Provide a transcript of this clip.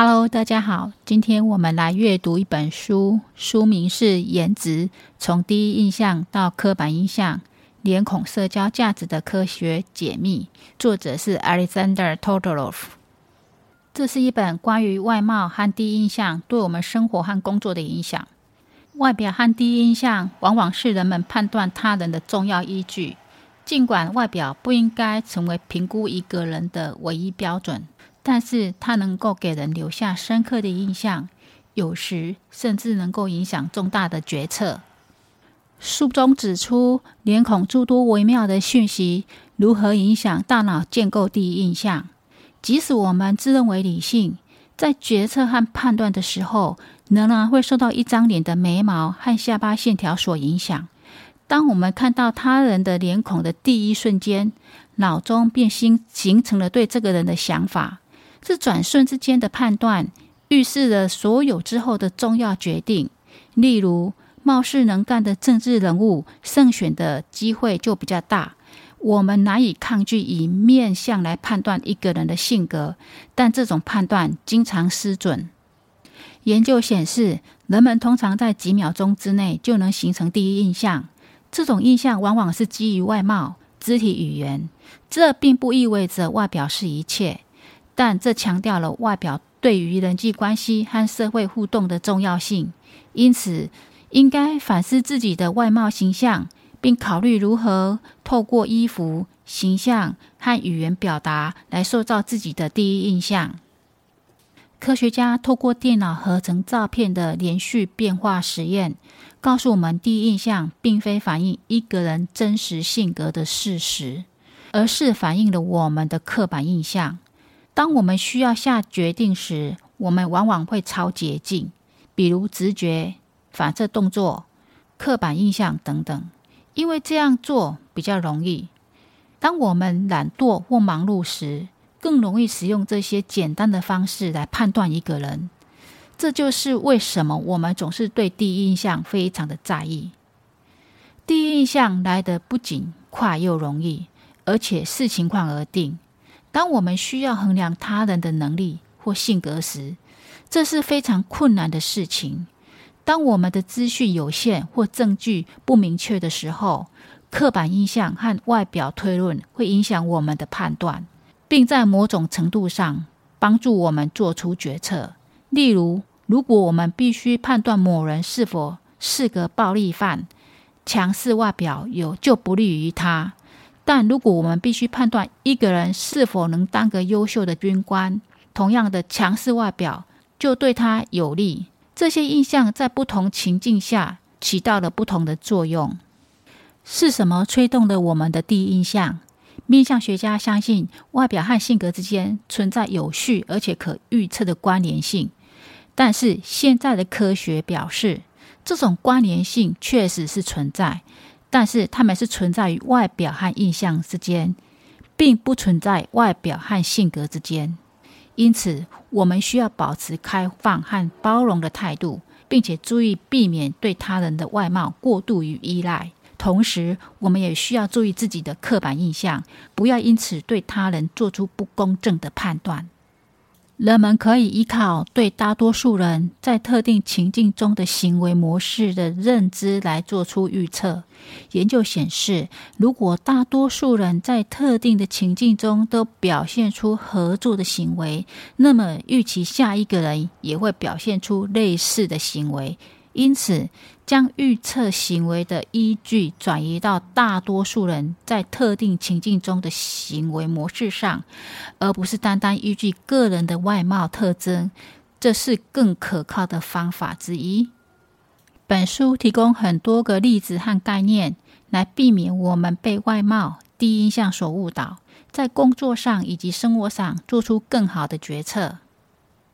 Hello，大家好，今天我們來閱讀一本書，書名是《顏值：從第一印象到刻板印象——臉孔社交價值的科學解密》，作者是 Alexander Todorov。這是一本關於外貌和第一印象對我們生活和工作的影響。外表和第一印象往往是人們判斷他人的重要依據，儘管外表不應該成為評估一個人的唯一標準。但是它能夠給人留下深刻的印象，有時甚至能夠影響重大的決策。書中指出，臉孔諸多微妙的訊息如何影響大腦建構第一印象。即使我們自認為理性，在決策和判斷的時候，仍然會受到一張臉的眉毛和下巴線條所影響。當我們看到他人的臉孔的第一瞬間，腦中便形形成了對這個人的想法。這轉瞬之間的判斷，預示了所有之後的重要決定。例如，貌似能幹的政治人物，勝選的機會就比較大。我們難以抗拒以面相來判斷一個人的性格，但這種判斷經常失準。研究顯示，人們通常在幾秒鐘之內就能形成第一印象，這種印象往往是基於外貌、肢體語言。這並不意味着外表是一切。但這強調了外表對於人際關係和社會互動的重要性，因此應該反思自己的外貌形象，並考慮如何透過衣服、形象和語言表達來塑造自己的第一印象。科學家透過電腦合成照片的連續變化實驗，告訴我們，第一印象並非反映一個人真實性格的事實，而是反映了我們的刻板印象。當我們需要下決定時，我們往往會抄捷徑，比如直覺、反射動作、刻板印象等等，因為這樣做比較容易。當我們懶惰或忙碌時，更容易使用這些簡單的方式來判斷一個人。這就是為什麼我們總是對第一印象非常的在意。第一印象來得不僅快又容易，而且視情況而定。當我們需要衡量他人的能力或性格時，這是非常困難的事情。當我們的資訊有限或證據不明確的時候，刻板印象和外表推論會影響我們的判斷，並在某種程度上幫助我們做出決策。例如，如果我們必須判斷某人是否是個暴力犯，強勢外表有就不利於他。但如果我們必須判斷一個人是否能當個優秀的軍官，同樣的強勢外表就對他有利。這些印象在不同情境下起到了不同的作用。是什麼推動了我們的第一印象？面相學家相信外表和性格之間存在有序而且可預測的關聯性，但是現在的科學表示，這種關聯性確實是存在。但是他們是存在於外表和印象之間，並不存在外表和性格之間。因此，我們需要保持開放和包容的態度，並且注意避免對他人的外貌過度與依賴。同時，我們也需要注意自己的刻板印象，不要因此對他人做出不公正的判斷。人們可以依靠對大多數人在特定情境中的行為模式的認知來做出預測。研究顯示，如果大多數人在特定的情境中都表現出合作的行為，那麼預期下一個人也會表現出類似的行為。因此，將預測行為的依據轉移到大多數人在特定情境中的行為模式上，而不是單單依據個人的外貌特徵，這是更可靠的方法之一。本書提供很多個例子和概念，來避免我們被外貌第一印象所誤導，在工作上以及生活上做出更好的決策。